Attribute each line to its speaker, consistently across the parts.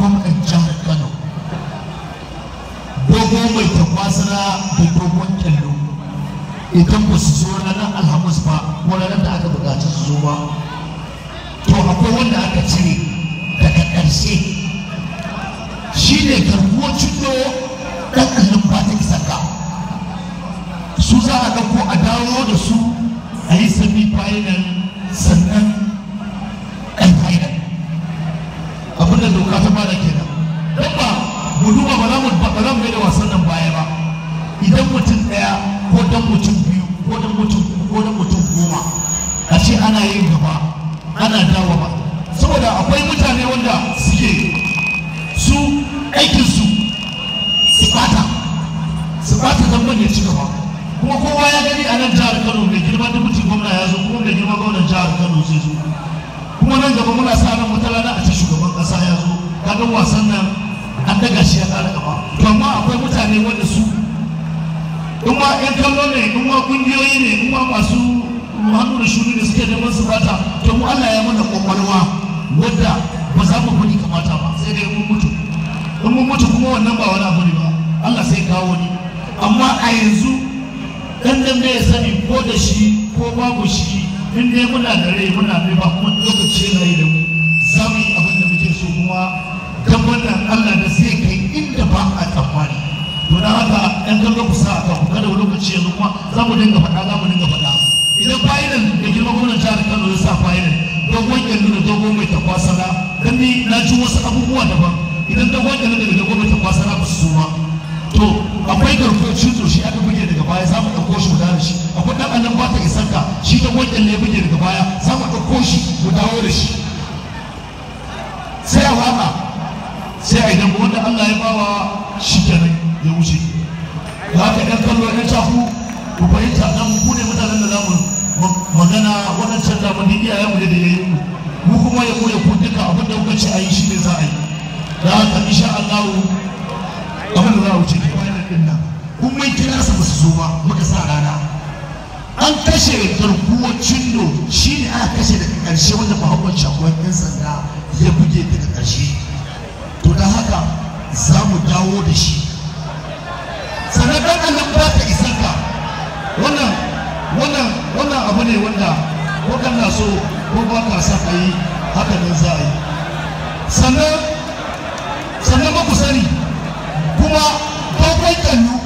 Speaker 1: gwamnan jihar kano dogo mai tabbasara da dogon kyallo idan ba su zo ranar alhamis ba ko ranar da aka buƙaci su zo ba to akwai wanda aka cire daga ƙarshe shi ne garkuwa cikin ɗan ɗan ba ta saka su za a ɗauko a dawo da su a yi semi final sannan da doka ta ke kenan don ba mu duba ba za mu ba da wasan nan baya ba idan mutum ɗaya ko dan mutum biyu ko dan mutum ko dan mutum goma a ce ana yin gaba ana dawo ba saboda akwai mutane wanda suke su aikinsu su bata su bata zamban ya ci gaba kuma kowa ya gani a nan jihar kano mai girma dubutin gwamna ya zo kuma mai girma gwamnan jihar kano zai zo kuma nan gaba muna sa ran wata rana a ci shugaba ƙasa ya zo kaga wasan nan an daga shi ya ƙara gaba to amma akwai mutane wanda su in ma ƴan kallo ne in ma ƙungiyoyi ne in ma masu hannu da shuru da suke neman su bata to mu Allah ya mana ƙwaƙwalwa wadda ba za mu kuɗi kamata ba sai dai mun mutu in mun mutu kuma wannan ba wani abu ne ba Allah sai kawo ni amma a yanzu dan dan ya sani ko da shi ko babu shi in dai muna da rai muna bai ba kuma lokaci na yi da mu za mu yi abin da muke so kuma don wannan Allah da zai kai inda ba a tsammani to na haka ɗan gaba ku sa ka kada wani lokaci yanzu kuma za mu dinga faɗa za mu dinga faɗa idan fa'idan da girma gwamnan jihar Kano ya sa fa'idan dogon yanzu da dogon mai takwasana dan ni na ci wasu abubuwa daban idan dogon yanzu da dogon mai takwasana ba su ba to akwai garkuwar cuto shi aka buge daga baya za mu ɗauko shi mu da shi akwai ɗan annan ba ta isar ka shi dogon yanzu ya buge daga baya za mu ɗauko shi mu dawo da shi wanda Allah ya bawa shi kenan ya wuce za ka ɗan kallo ɗan shafu ku fahimta nan ku ne mutanen da zamu magana waɗancan zamani iyayenmu ne da ya yi mu kuma ya koya ku duka abin da kuka ce a yi shi ne za a yi da haka insha Allah abin da za a wuce ke bayan ɗin nan kun mai kira su ba su zo ba muka sa rana an kashe garkuwar cindo shi ne aka kashe daga ƙarshe wanda ba hawan shakuwar 'yan sanda ya buge daga ƙarshe dawo da shi sannan daukan ba ta isar ka wannan wannan wannan abu ne wanda ko kana so ko ba ka sa ka yi haka nan za a yi sannan sannan ba ku sani kuma dogon kallu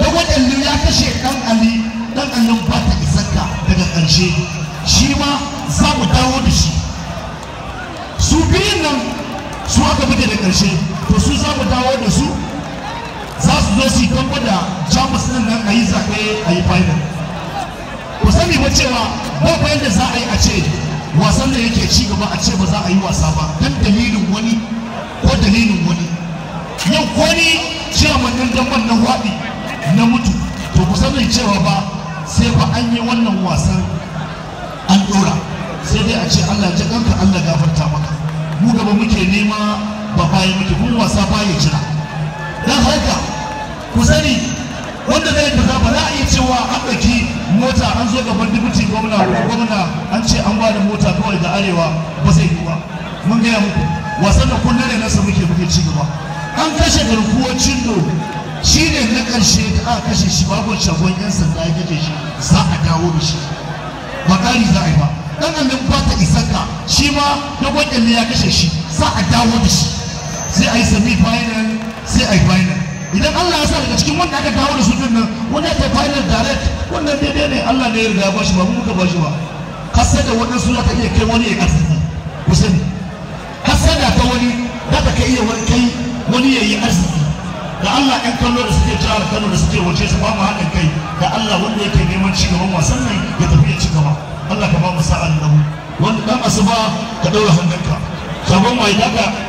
Speaker 1: dogon kallu ya kashe dan ali dan allon ba ta isar ka daga ƙarshe shi ma su aka muke da ƙarshe, to su za mu dawo da su za su zo su kanko da jamus din nan a yi zaɓe a yi final ku sani ba cewa ba ku yadda za a yi a ce wasan da yake ci gaba a ce ba za a yi wasa ba don dalilin wani ko dalilin wani yau ko ni ciyaman ɗin na waɗi na mutu to ku sani cewa ba sai ba an yi wannan wasan an ɗora sai dai a ce Allah ya kanka Allah gafarta maka mu gaba muke nema ba bayan muke kuma wasa baya jira don haka ku sani wanda zai fita ba za a iya cewa an ɗauki mota an zo gaban dubutin gwamna gwamna an ce an ba da mota kawai da arewa ba zai yi ba mun gaya muku wasan da kullum ne nasa muke muke ci gaba an kashe garkuwar cindo shi ne na ƙarshe da aka kashe shi babu shagon 'yan sanda ya kashe shi za a dawo da shi ba ƙari za a yi ba ma dogon ƙyalle ya kashe shi za a dawo da shi sai a yi sami final sai a yi final idan Allah ya sa daga cikin wanda aka dawo da su din nan wanda ta final direct wannan daidai ne Allah ne ya riga ba shi ba mu muka ba shi ba hasada wannan suna ta iya kai wani ya arziki ku sani hasada ta wani za ta kai iya wani kai wani ya yi arziki da Allah ɗan kallo da suke jihar Kano da suke wace su ba mu haɗin kai da Allah wanda yake neman cigaban wasan nan ya tafi gaba Allah ka ba mu sa'an da mu wanda dan asuba ka daura hannunka sabon mai daga